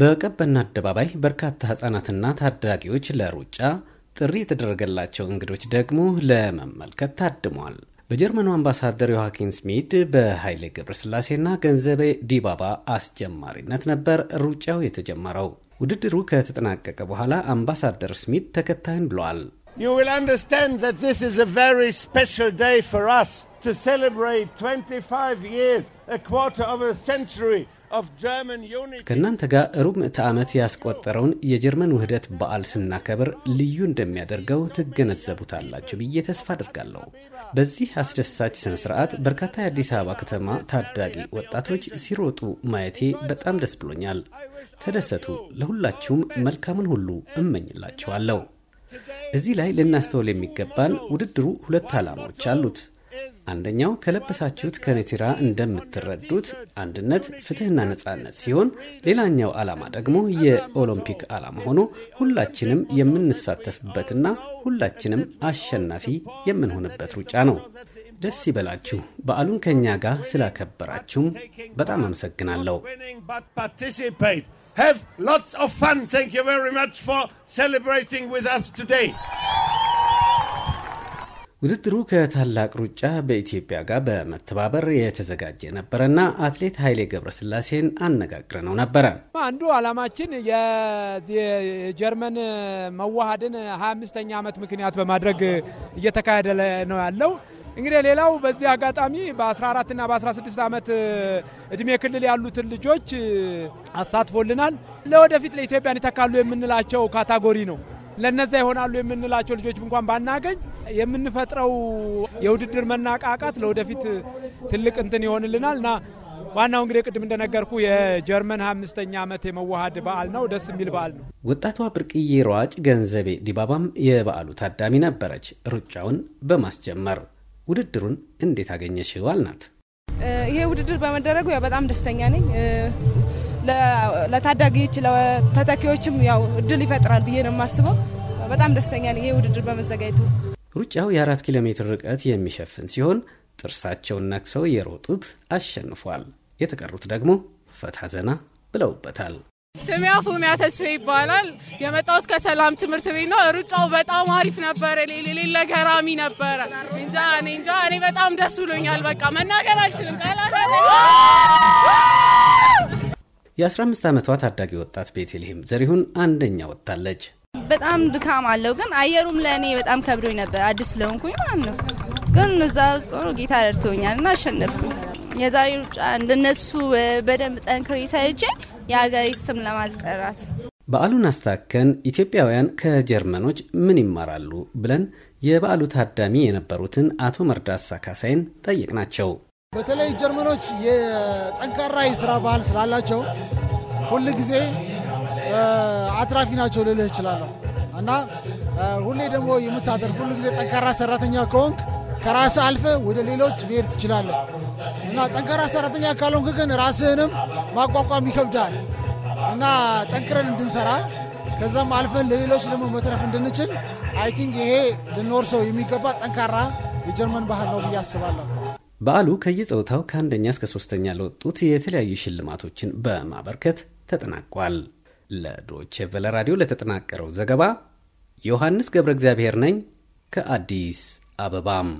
በቀበና አደባባይ በርካታ ህጻናትና ታዳጊዎች ለሩጫ ጥሪ የተደረገላቸው እንግዶች ደግሞ ለመመልከት ታድሟል። በጀርመኑ አምባሳደር ዮሐኪን ስሚድ በኃይሌ ገብረስላሴና ገንዘቤ ዲባባ አስጀማሪነት ነበር ሩጫው የተጀመረው። ውድድሩ ከተጠናቀቀ በኋላ አምባሳደር ስሚድ ተከታይን ብለዋል። You will understand that this is a very special day for us to celebrate 25 years, a quarter of a century of German unity. ከእናንተ ጋር ሩብ ምዕተ ዓመት ያስቆጠረውን የጀርመን ውህደት በዓል ስናከብር ልዩ እንደሚያደርገው ትገነዘቡታላችሁ ብዬ ተስፋ አድርጋለሁ። በዚህ አስደሳች ስነ ስርዓት በርካታ የአዲስ አበባ ከተማ ታዳጊ ወጣቶች ሲሮጡ ማየቴ በጣም ደስ ብሎኛል። ተደሰቱ። ለሁላችሁም መልካምን ሁሉ እመኝላችኋለሁ። እዚህ ላይ ልናስተውል የሚገባን ውድድሩ ሁለት ዓላማዎች አሉት። አንደኛው ከለበሳችሁት ከነቲራ እንደምትረዱት አንድነት፣ ፍትህና ነጻነት ሲሆን ሌላኛው ዓላማ ደግሞ የኦሎምፒክ ዓላማ ሆኖ ሁላችንም የምንሳተፍበትና ሁላችንም አሸናፊ የምንሆንበት ሩጫ ነው። ደስ ይበላችሁ። በዓሉን ከእኛ ጋር ስላከበራችሁም በጣም አመሰግናለሁ። Have lots of fun. Thank you very much for celebrating with us today. ውድድሩ ከታላቅ ሩጫ በኢትዮጵያ ጋር በመተባበር የተዘጋጀ ነበረና አትሌት ኃይሌ ገብረስላሴን አነጋግረ ነው ነበረ። አንዱ አላማችን የጀርመን መዋሃድን 25ኛ ዓመት ምክንያት በማድረግ እየተካሄደ ነው ያለው። እንግዲህ ሌላው በዚህ አጋጣሚ በ14ና በ16 ዓመት እድሜ ክልል ያሉትን ልጆች አሳትፎልናል። ለወደፊት ለኢትዮጵያን ይተካሉ የምንላቸው ካታጎሪ ነው። ለነዛ ይሆናሉ የምንላቸው ልጆች እንኳን ባናገኝ የምንፈጥረው የውድድር መናቃቃት ለወደፊት ትልቅ እንትን ይሆንልናል እና ዋናው እንግዲህ ቅድም እንደነገርኩ የጀርመን አምስተኛ ዓመት የመዋሃድ በዓል ነው። ደስ የሚል በዓል ነው። ወጣቷ ብርቅዬ ሯጭ ገንዘቤ ዲባባም የበዓሉ ታዳሚ ነበረች። ሩጫውን በማስጀመር ውድድሩን እንዴት አገኘሽው? አልናት። ይሄ ውድድር በመደረጉ ያው በጣም ደስተኛ ነኝ። ለታዳጊዎች ለተተኪዎችም ያው እድል ይፈጥራል ብዬ ነው የማስበው። በጣም ደስተኛ ነኝ ይህ ውድድር በመዘጋጀቱ። ሩጫው የአራት ኪሎ ሜትር ርቀት የሚሸፍን ሲሆን ጥርሳቸውን ነክሰው የሮጡት አሸንፏል። የተቀሩት ደግሞ ፈታ ዘና ብለውበታል። ስሜ ፉሚያ ተስፌ ይባላል። የመጣሁት ከሰላም ትምህርት ቤት ነው። ሩጫው በጣም አሪፍ ነበረ። ሌለ ገራሚ ነበረ። እንጃ እኔ እንጃ እኔ በጣም ደስ ብሎኛል። በቃ መናገር አልችልም። የ15 ዓመቷ ታዳጊ ወጣት ቤቴልሄም ዘሪሁን አንደኛ ወጥታለች። በጣም ድካም አለው፣ ግን አየሩም ለእኔ በጣም ከብዶኝ ነበር አዲስ ስለሆንኩኝ ማለት ነው። ግን እዛ ውስጥ ሆኖ ጌታ ረድቶኛል እና አሸነፍኩ። የዛሬ ሩጫ እንደነሱ በደንብ ጠንክሬ ሰርቼ የሀገሬ ስም ለማስጠራት በዓሉን አስታከን ኢትዮጵያውያን ከጀርመኖች ምን ይማራሉ ብለን የበዓሉ ታዳሚ የነበሩትን አቶ መርዳሳ ካሳይን ጠየቅናቸው። በተለይ ጀርመኖች የጠንካራ የስራ ባህል ስላላቸው ሁል ጊዜ አትራፊ ናቸው ልልህ እችላለሁ እና ሁሌ ደግሞ የምታተርፍ ሁል ጊዜ ጠንካራ ሰራተኛ ከሆንክ ከራስ አልፈ ወደ ሌሎች መሄድ ትችላለህ እና ጠንካራ ሰራተኛ ካልሆንክ ግን ራስህንም ማቋቋም ይከብዳል እና ጠንክረን እንድንሰራ ከዛም አልፈን ለሌሎች ደግሞ መትረፍ እንድንችል አይ ቲንክ ይሄ ሰው የሚገባ ጠንካራ የጀርመን ባህል ነው ብዬ አስባለሁ። በዓሉ ከየጾታው ከአንደኛ እስከ ሶስተኛ ለወጡት የተለያዩ ሽልማቶችን በማበርከት ተጠናቋል። ለዶቼ ቬለ ራዲዮ ለተጠናቀረው ዘገባ ዮሐንስ ገብረ እግዚአብሔር ነኝ ከአዲስ አበባም